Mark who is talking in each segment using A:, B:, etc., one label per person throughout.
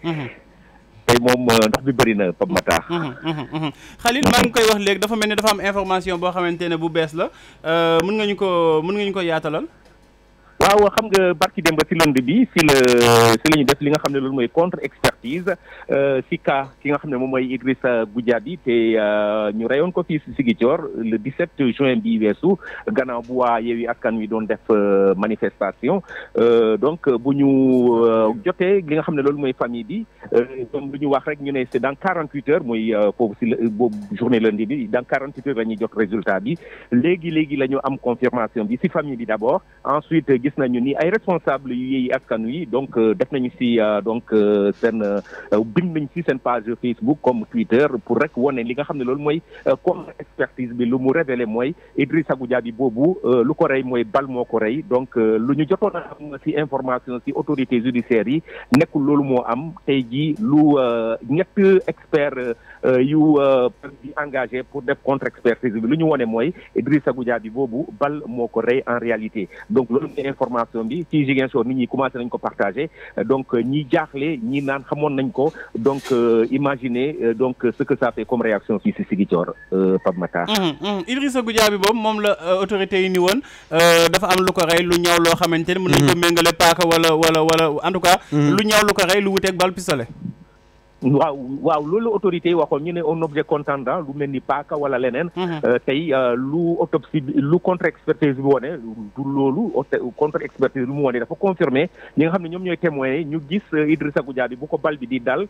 A: tey
B: moom euh, ndox bi bëri na Pape Matar mhm,
A: mhm, mhm. Khalil maa ngi koy wax léegi dafa mel ni dafa am information boo xamante ne bu bees la euh, mën nga ñu ko mën nga ñu ko yaatalal
B: waaw xam nga barki ba ci lundi bi si la si la ñu def li nga xam ne loolu mooy contre expertise euh, si cas ki nga xam ne moom mooy Idrissa bi te euh, ñu reyoon ko fii si Ziguinchor le 17 juin bi weesu gannaaw bu waa wi Askan Wi doon def euh, manifestation donc bu ñu jotee li nga xam ne loolu mooy famille bi ñoom lu ñu wax rek ñu ne c'est dans quarante huit heures mooy foofu boobu journée lundi bi dans quarante huit heures la ñuy jot résultat bi léegi léegi la ñu am confirmation bi si famille bi d'abord ensuite gis nañu ni ay responsable yu yeeyi askanu yi donc euh, def nañu si euh, donc euh, seen bind nañu ci seen page Facebook comme Twitter pour rek wone li nga xam ne loolu mooy comme expertise bi lu mu révélé mooy Idrissa Goudiaby boobu lu ko rey mooy bal moo ko rey donc lu ñu jotoon a am si information si autorité judiciaires yi nekkul loolu moo am tey jii lu ñett expert Euh, yu PAM euh, bi pour def contre-expertise bi lu ñu wone mooy Idrissa bi boobu bal moo ko rey en réalité donc loolu mooy information bi ci Ziguinchor ni ñi commencé nañ ko partagé euh, donc ñi jaaxle ñi naan xamoon nañ ko donc imaginez donc ce que ça fait comme réaction fii si Ziguinchor Pape Makhtar.
A: Idrissa Goudiaby boobu moom la autorité yi nii woon dafa am lu ko rey lu ñaaw loo xamante ni mun nañ ko méngale paaka wala wala wala en tout cas. lu ñaaw lu ko rey lu wuteeg bal
B: pistolet. waaw waaw loolu autorité yi waxoon ñu ne un objet contendant lu mel ni paaka wala leneen. Mhm. Euh, tey euh, lu autopsie lu contre expertise bi wone du loolu contre expertise lu mu dafa confirmer ñi nga xam ne ñoom ñooy témoins yi ñu gis euh, Idrissa Goudiaby bu ko bal bi di dal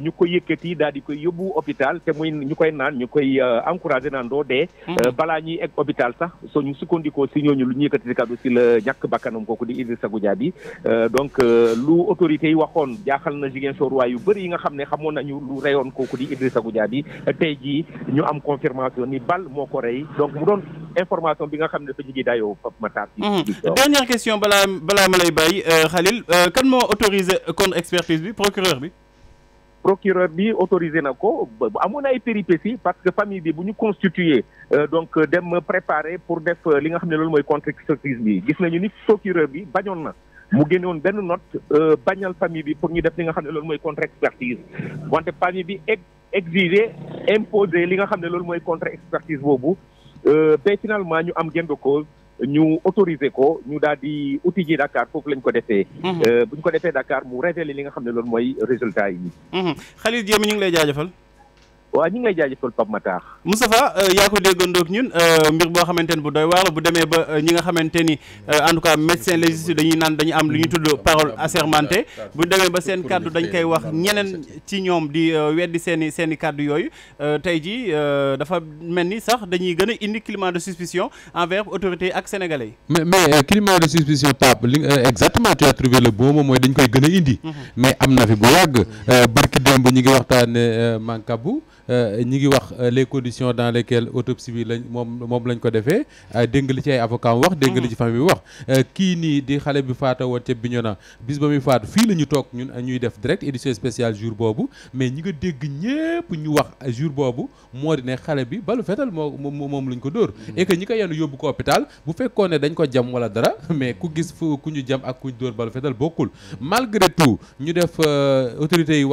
B: ñu ko yëkkati daal di koy yóbbu hôpital te muy ñu koy naan ñu koy encouragé naan doo dee. Mhm. balaa sax soo ñu sukkandikoo si ñooñu lu ñu yëkkati si la ñàkk bakkanam kooku di Idrissa Goudiaby donc lu autorité yi waxoon jaaxal na Ziguinchor waay yu bëri yi nga xam ne xamoon nañu lu reyoon kooku di Idrissa Goudiaby tey jii ñu am confirmation ni bal moo ko rey donc mu doon information bi nga xam ne dafa jigi dayoo Pape Matar
A: dernière question balaa ma lay bàyyi euh, Khalil euh, kan moo autorisé contre expertise bi procureur
B: bi procureur bi autorisé na ko amoon ay péripéties parce que famille bi bu ñu constitué euh, donc dem préparer pour def li nga xam ne loolu mooy contre expertise bi gis nañu ni procureur bi bañoon na mu génne woon benn note euh, bañal famille bi pour ñu def li nga xam ne loolu mooy contre expertise wante famille bi exiger imposer li nga xam ne loolu mooy contre expertise boobu euh, ba finalement ñu am gain de cause ñu autorisé ko ñu daal di outil ji Dakar foofu lañ ko defee. Mhm. Euh, bu ko defee Dakar mu révélé li nga xam ne loolu mooy résultat yi. Mhm. Khalil Diémé ñu lay jaajëfal. waaw ñu ngi lay jaajëfal Pape Matar. Moustapha
A: euh, yaa ko déggandoog ñun euh, mbir boo xamante ni bu doy waar la bu demee ba euh, ñi nga xamante ni en tout cas médecin légiste dañuy naan dañu am lu ñu tudd parole assermentée bu demee ba seen kàddu dañ koy wax ñeneen ci ñoom di weddi seen i seen i kàddu yooyu tey jii dafa mel ni sax dañuy gën a indi climat de suspicion envers autorité ak sénégalais yi. mais mais climat
C: de suspicion Pape li exactement tu as trouvé le mooy dañ koy gën a indi. Mhm. mais am na fi bu yàgg barki démb ñu ngi Euh, ñi ngi wax euh, les conditions dans lesquelles autopsie bi lañ moom moom lañ ko defee euh, dégg li ci ay avocat wax dégg li ci famille bi wax kii nii di xale bi faata woon ca Bignona bis muy faatu fii la ñu toog ñun ñuy def direct édition spéciale jour boobu mais ñi nga dégg ñépp ñu wax jour boobu moo di ne xale bi balu fetal moom lañ ko dóor mm-hmm. et ñi ko yenu yóbbu ko hôpital bu fekkoon ne dañ ko jam wala dara mais ku gis fu ku ñu jam ak ku ñu dóor balu fetal bokkul mm-hmm. malgré tout ñu def autorités yi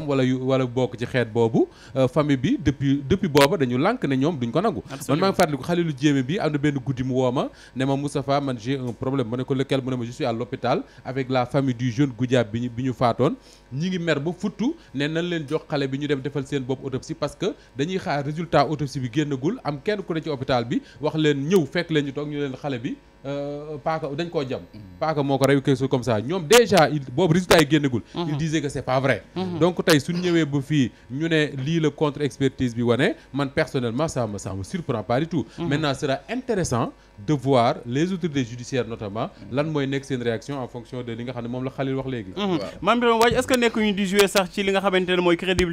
C: yaayam wala yu wala bokk ci xeet boobu euh, famille bi depuis depuis booba dañu lank ne ñoom duñ ko nangu man maa ngi fàttaliku Xalilu Jéeme bi am na benn guddi mu woo ma ne ma Moustapha man j'ai problème ma ne ko lequel mu ne ma je suis à l'hôpital avec la famille du jeune Goudiab bi ñu faatoon ñi ngi mer ba futtu ne nan leen jox xale bi ñu dem defal seen bopp autopsie parce que dañuy xaar résultat autopsie bi génnagul am kenn ku ne ci hôpital bi wax leen ñëw fekk leen ñu toog ñu leen xale bi Euh, paaka dañ koo jam paaka moo ko rey quelque chose comme ça ñoom déjà il boobu résultat yi génnagul mhm. il disait que c'est pas vrai mhm. donc tey suñ ñëwee ba fii ñu ne lii la contre expertise bi wane man personnellement ça me ça me surprend pas du tout mhm. maintenant ce sera intéressant de voir les autorités judiciaires notamment lan mooy nekk seen réaction en fonction de li nga xam ne moom la Khalil wax
A: léegi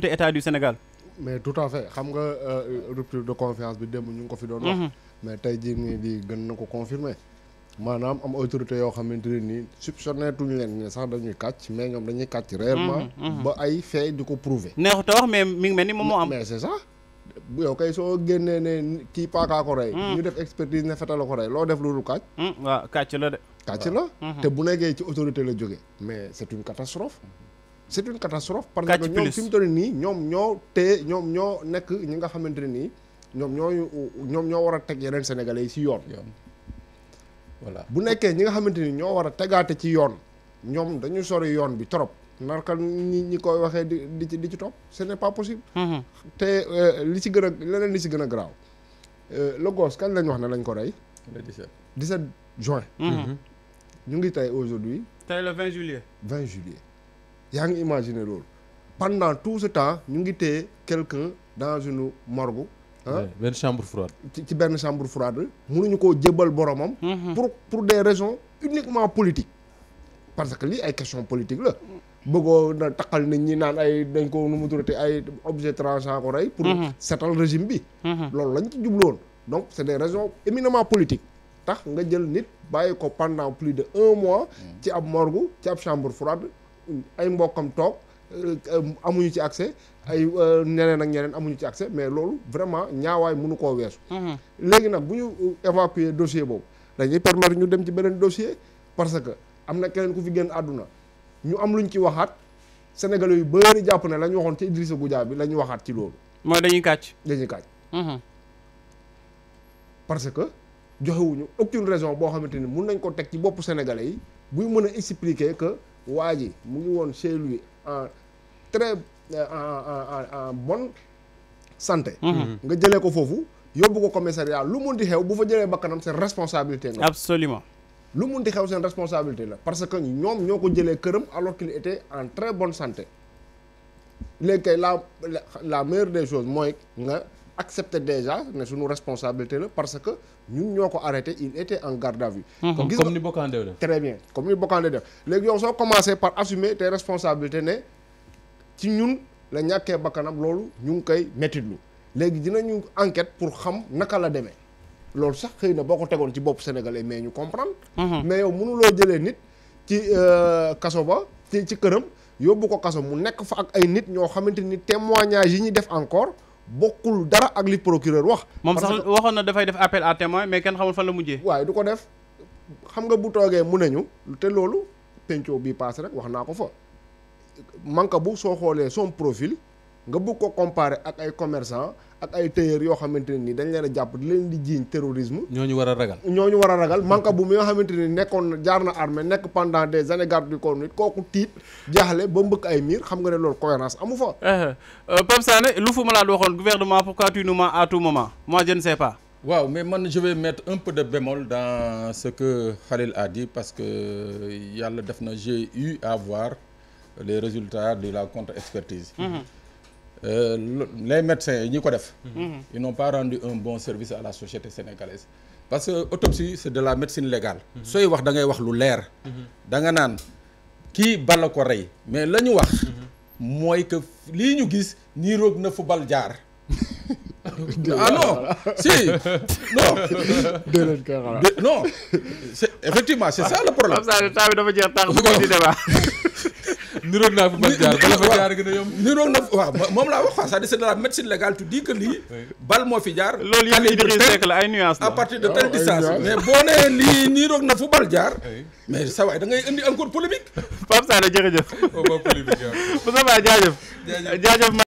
A: état du Sénégal mais
D: tout à fait xam nga euh, rupture de confiance bi démb ñu ko fi doon wax mais tey jii nii di maanaam am autorité yoo xamante ne nii soupçonné tuñu leen ne sax dañuy kàcc mais ñoom dañuy kàcc réellement mm-hmm, mm-hmm. ba ay fait di ko prouver neexut a wax mais mi ngi mel ni moom moo am mais c'est ça yow kay soo génnee ne kii paakaa ko rey mm. ñu def expertise ne fetala ko rey loo def loolu kàcc mm, waaw kàcc la de kàcc la mm-hmm. te bu nekkee ci autorité la jóge mais c'est une catastrophe c'est une catastrophe parce que ñoom fi mu toll nii ñoom ñoo téye ñoom ñoo nekk ñi nga xamante ne nii ñoom ñooy ñoom ñoo war a teg yeneen sénégalais yi si yoon voilà bu nekkee ñi nga xamante ni ñoo war a tegaate ci yoon ñoom dañu sori yoon bi trop narka ñi ñi koy waxee di di ci di ci topp ce n'est pas possible mm-hmm. te euh, li ci gën a leneen li ci gën a garaaw euh, le gosse kañ lañu wax ne lañ ko rey le 17 17 juin mm-hmm. Mm-hmm. ñu ngi tey aujourd'hui
A: tey le 20 juillet
D: 20 juillet yaa ngi imaginer loolu pendant tout ce temps ñu ngi téye quelqu'un dans une margo
C: benn chambre froide.
D: ci benn chambre froide mënuñu koo jébbal boromam. Mhm. pour pour des raisons uniquement politiques. parce que lii ay question politique la. bëggoo na taqal nit ñi naan ay dañ ko nu mu tuddati ay objet tranchant ko rey. pour mhm. setal régime bi. Mhm. loolu lañ ci jubloon donc c' est des raisons éminement politiques. tax nga jël nit bàyyi ko pendant plus de un mois. ci ab morgue ci ab chambre froide ay mbokkam toog euh, euh, amuñu ci accès. ay euh, ñeneen ak ñeneen amuñu ci accès mais loolu vraiment ñaawaay mënu koo weesu. Mhm. léegi nag bu ñu euh, évacuer dossier boobu dañuy permettre ñu dem ci beneen dossier parce que am na keneen ku fi génn àdduna ñu am luñ ci waxaat sénégalais yu bëri jàpp ne lañu waxoon ci Idrissa Goudiaby bi la ñu waxaat ci loolu. mooy dañuy kàcc. dañuy kàcc. Mhm. parce que joxewuñu aucune raison boo xamante ni mun nañ ko teg ci boppu sénégalais yi buy mën a expliquer que waa ji mu ngi woon chez lui Euh, en en en bonne santé. Mm-hmm. nga jëlee ko foofu yóbbu ko commissariat lu mun di xew bu fa jëlee bakkanam seen responsabilité nga. absolument. lu mun di xew seen responsabilité la parce que ñoom ñoo ko jëlee këram alors qu'il en très bonne santé léegi kay la la meilleure des choses mooy nga accepter déjà ne suñu responsabilité la parce que ñun ñoo ko arrêté il était en garde à vue. Mm-hmm. comme ni Bocandé def. très bien comme ni Bocandé def léegi yow soo commencé par assumer tes responsabilités ne. ci ñun la ñàkkee bakkanam loolu ñu ngi koy mettitlu léegi dina dinañu enquête pour xam naka la demee loolu sax xëy na boo ko tegoon ci bopp sénégalais mais ñu comprendre mhm. mais yow mënuloo jëlee nit ci euh, kaso ba ci ci këram yóbbu ko kaso mu nekk fa ak ay nit ñoo xamante ni témoignage yi ñuy def encore bokkul dara ak li procureur wax moom sax
A: waxoon na dafay def appel à mais kenn xamul fan la mujjee
D: waaye du ko def xam nga bu toogee mu ne nañu te loolu pencoo bii paase rek wax naa ko fa bu soo xoolee son profil nga bëgg ko comparer ak ay commerçant ak ay tailleur yoo xamante ne ni dañ leen a jàpp di leen di jiiñ
C: ñoo ñu war a ragal.
D: ñoo ñu war a ragal Mancabou mi nga xamante ne nekkoon na jaar na armée nekk pendant des années garde du corps nit kooku tiit jaaxle ba mbëkk ay miir xam nga ne loolu cohérence amu fa. Eh, eh. Euh, Pape Sané lu fu ma laa
E: waxoon gouvernement pourquoi tu nous mens à tout moment moi je ne sais pas. waaw mais man je vais mettre un peu de bémol dans ce yàlla def na j'ai voir. les résultats de la contre-expertise. Mm-hmm. Euh, les médecins yi ñi ko def. Mm-hmm. ils n'ont pas rendu un bon service à la société sénégalaise. parce que autopsie c'est de la médecine légale. Mm-hmm. sooy wax dangay wax lu leer. danga nga naan kii bala ko rey. mais lañu wax. mooy que lii ñu gis niiroog na fu bal jaar. Ah non si non. effectivement c'est ça le problème. comme dafa jeex tànk bu ko di débat. niroon naa fa bal jaar bala fa jaar gën a yomb. niroon na waaw moom laa wax quoi c'est-à-dire la médecine légale lii. bal moo fi jaar. loolu yëpp Idriss Seck la ay nuances la ah, mais boo nee lii niroon na fu bal jaar. mais sa waay da indi encore polémique. Pape Sada jërëjëf. waaw waaw polémique waaw. Moussa Ba jaajëf.